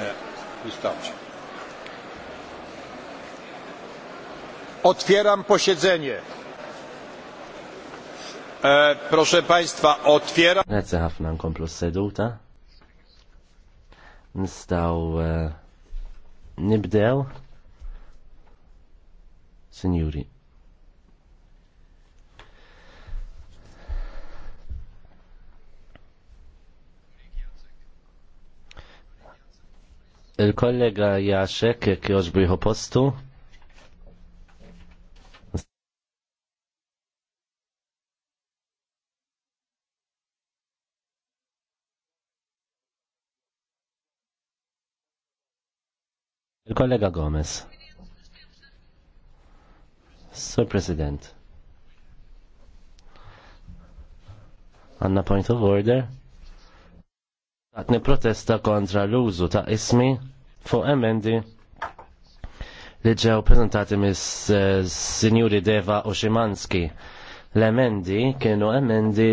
E, wystarczy. Otwieram posiedzenie. E, proszę Państwa, otwieram... Grazie ħafna nkomplu seduta Nstał e, nibdew. Signori. Il-kollega Jaxek jek biħu postu. Il-kollega Gomez. Sur President. Għanna point of order. Għatni protesta kontra l-użu ta' ismi fuq emendi li ġew prezentati mis eh, Sinjuri Deva Oshimanski. L-emendi kienu emendi